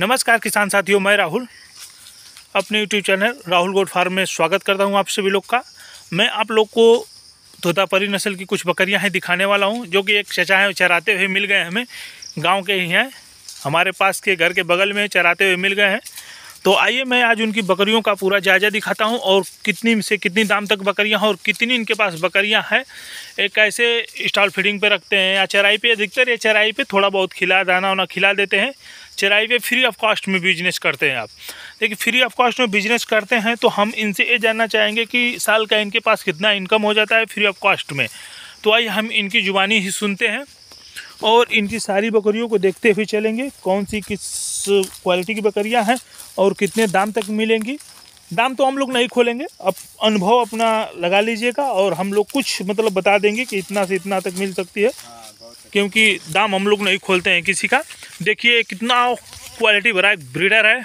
नमस्कार किसान साथियों मैं राहुल अपने YouTube channel Rahul goat farm में स्वागत करता हूं आप सभी लोग का मैं आप लोग को धोतापरी नस्ल की कुछ बकरियां हैं दिखाने वाला हूं जो कि एक चचा है चराते हुए मिल गए हमें गांव के ही हैं हमारे पास के घर के बगल में चराते हुए मिल गए हैं तो आइए मैं आज उनकी बकरियों का पूरा जायजा दिखाता हूँ और कितनी से कितनी दाम तक बकरियाँ हैं और कितनी इनके पास बकरियाँ हैं एक कैसे स्टॉल फीडिंग पर रखते हैं या चराई पर अधिकतर रहे चराई पर थोड़ा बहुत खिला दाना वाना खिला देते हैं चराई पे फ्री ऑफ कॉस्ट में बिजनेस करते हैं आप देखिए फ्री ऑफ कॉस्ट में बिजनेस करते हैं तो हम इनसे ये जानना चाहेंगे कि साल का इनके पास कितना इनकम हो जाता है फ्री ऑफ कॉस्ट में तो आइए हम इनकी जुबानी ही सुनते हैं और इनकी सारी बकरियों को देखते हुए चलेंगे कौन सी किस क्वालिटी की बकरियाँ हैं और कितने दाम तक मिलेंगी दाम तो हम लोग नहीं खोलेंगे अब अनुभव अपना लगा लीजिएगा और हम लोग कुछ मतलब बता देंगे कि इतना से इतना तक मिल सकती है क्योंकि दाम हम लोग नहीं खोलते हैं किसी का देखिए कितना क्वालिटी भरा एक ब्रीडर है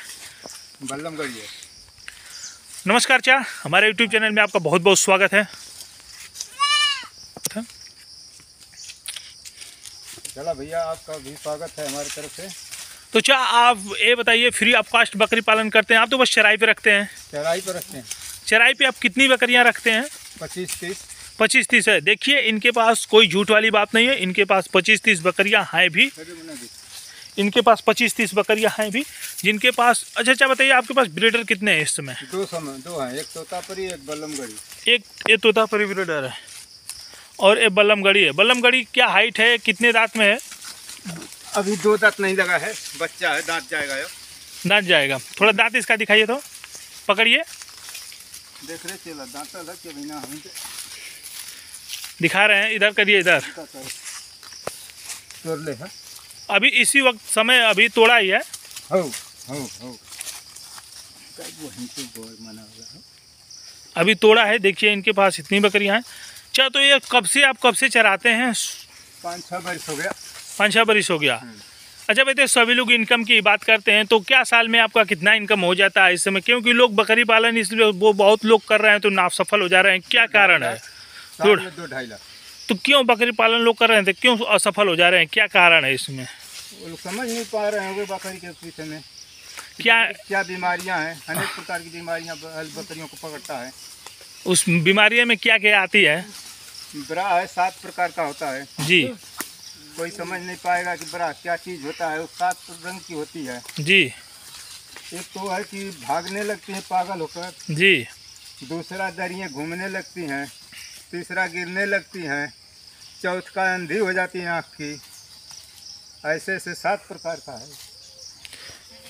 नमस्कार चा हमारे यूट्यूब चैनल में आपका बहुत बहुत स्वागत है चला भैया आपका भी स्वागत है हमारी तरफ से तो क्या आप ये बताइए फ्री आप कास्ट बकरी पालन करते हैं आप तो बस चराई पे रखते हैं चराई पे रखते हैं चराई पे आप कितनी बकरियां रखते हैं पच्चीस तीस पच्चीस तीस है देखिए इनके पास कोई झूठ वाली बात नहीं है इनके पास पच्चीस तीस बकरियां हैं भी इनके पास पच्चीस तीस बकरियां हैं भी जिनके पास अच्छा अच्छा बताइए आपके पास ब्रीडर कितने हैं इस समय दो समय दो हैं एक तोतापरी एक एक ये तोतापरी ब्रीडर है और ये बल्लमगढ़ी है बल्लमगढ़ी क्या हाइट है कितने दांत में है अभी दो दांत नहीं लगा है बच्चा है दांत जाएगा दांत जाएगा थोड़ा दांत इसका दिखाइए तो पकड़िए देख रहे चला दांत लग के बिना दिखा रहे हैं इधर करिए इधर तोड़ ले हा? अभी इसी वक्त समय अभी तोड़ा ही है अभी तोड़ा है देखिए इनके पास इतनी बकरियां हैं अच्छा तो ये कब से आप कब से चराते हैं पाँच छः बरिश हो गया पाँच छः बरिश हो गया हम्म। अच्छा बेटे सभी लोग इनकम की बात करते हैं तो क्या साल में आपका कितना इनकम हो जाता है इस समय क्योंकि लोग बकरी पालन इसलिए वो बहुत लोग कर रहे हैं तो नाफ सफल हो जा रहे हैं क्या कारण है दो ढाई लाख तो क्यों बकरी पालन लोग कर रहे थे तो क्यों असफल हो जा रहे हैं क्या कारण है इसमें वो लोग समझ नहीं पा रहे होंगे बकरी के पीछे में क्या क्या बीमारियां हैं अनेक प्रकार की बीमारियां बकरियों को पकड़ता है उस बीमारियों में क्या क्या आती है ब्रा है सात प्रकार का होता है जी कोई समझ नहीं पाएगा कि ब्रा क्या चीज़ होता है वो सात रंग की होती है जी एक तो है कि भागने लगती है पागल होकर जी दूसरा दरियाँ घूमने लगती हैं तीसरा गिरने लगती हैं चौथ का अंधी हो जाती है आँख की ऐसे ऐसे सात प्रकार का है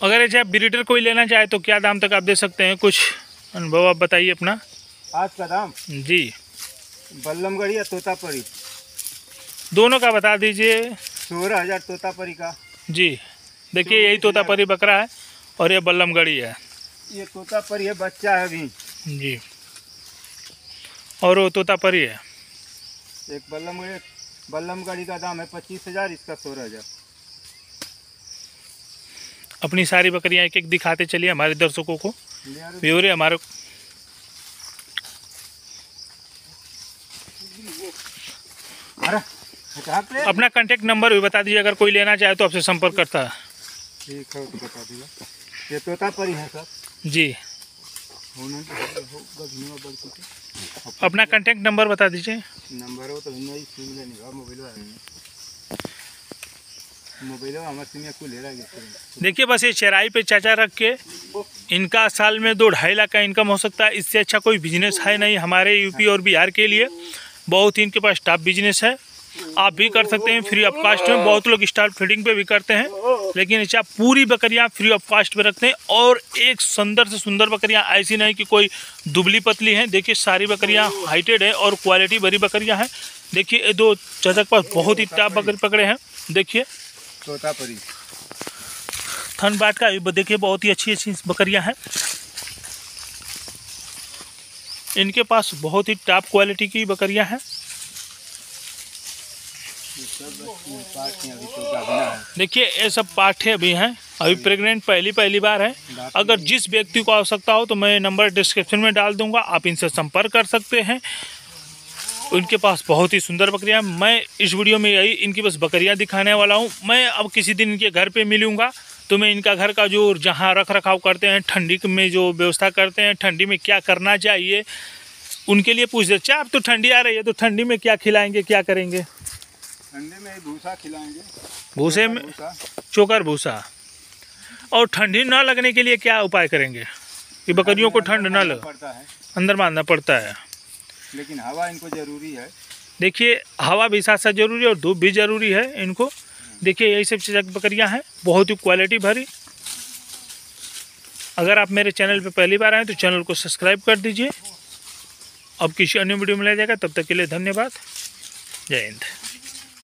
अगर ऐसे आप ब्रीडर कोई लेना चाहे तो क्या दाम तक आप दे सकते हैं कुछ अनुभव आप बताइए अपना आज का दाम जी बल्लमगढ़ी या तोतापरी दोनों का बता दीजिए सोलह हज़ार तोतापरी का जी देखिए यही तोतापरी बकरा है और ये बल्लमगढ़ी है ये तोतापरी है बच्चा है अभी जी और वो तोतापरी है एक बल्लम बल्लम गाड़ी का दाम है पच्चीस हज़ार इसका सोलह हज़ार अपनी सारी बकरियां एक एक दिखाते चलिए हमारे दर्शकों को व्यूरे हमारे अपना कांटेक्ट नंबर भी बता दीजिए अगर कोई लेना चाहे तो आपसे संपर्क करता है ठीक है बता दीजिए ये तोता परी है सर जी तो अपना कॉन्टेक्ट नंबर बता दीजिए नंबर हो तो नहीं सिम ले मोबाइल मोबाइल हमारे सिम कुल ले देखिए बस ये चराई पे चाचा रख के इनका साल में दो ढाई लाख का इनकम हो सकता है इससे अच्छा कोई बिजनेस है नहीं हमारे यूपी और बिहार के लिए बहुत ही इनके पास टॉप बिजनेस है आप भी कर सकते हैं फ्री ऑफ कास्ट में बहुत लोग स्टार फीडिंग पे भी करते हैं लेकिन अच्छा पूरी बकरियां फ्री ऑफ कास्ट पे रखते हैं और एक सुंदर से सुंदर बकरियां ऐसी नहीं कि कोई दुबली पतली हैं देखिए सारी बकरियां हाइटेड है और क्वालिटी भरी बकरियां हैं देखिए ये दो चटक पास बहुत ही टाप बकरी पकड़े हैं देखिए थन बाट का देखिए बहुत ही अच्छी अच्छी बकरियाँ हैं इनके पास बहुत ही टॉप क्वालिटी की बकरियां हैं देखिए ये सब पाठे अभी हैं अभी प्रेग्नेंट पहली पहली बार है अगर जिस व्यक्ति को आवश्यकता हो तो मैं नंबर डिस्क्रिप्शन में डाल दूंगा आप इनसे संपर्क कर सकते हैं उनके पास बहुत ही सुंदर बकरियां मैं इस वीडियो में यही इनकी बस बकरियां दिखाने वाला हूं मैं अब किसी दिन इनके घर पे मिलूंगा तो मैं इनका घर का जो जहां रख रखाव करते हैं ठंडी में जो व्यवस्था करते हैं ठंडी में क्या करना चाहिए उनके लिए पूछ दे चाहे अब तो ठंडी आ रही है तो ठंडी में क्या खिलाएंगे क्या करेंगे ठंडी में भूसा खिलाएंगे भूसे में चोकर भूसा और ठंडी ना लगने के लिए क्या उपाय करेंगे कि बकरियों को ठंड ना लगे पड़ता है अंदर बांधना पड़ता है लेकिन हवा इनको ज़रूरी है देखिए हवा भी साथ साथ ज़रूरी है और धूप भी ज़रूरी है इनको देखिए यही सब चीज़ बकरियाँ हैं बहुत ही क्वालिटी भरी अगर आप मेरे चैनल पर पहली बार आए तो चैनल को सब्सक्राइब कर दीजिए अब किसी अन्य वीडियो में ले जाएगा तब तक के लिए धन्यवाद जय हिंद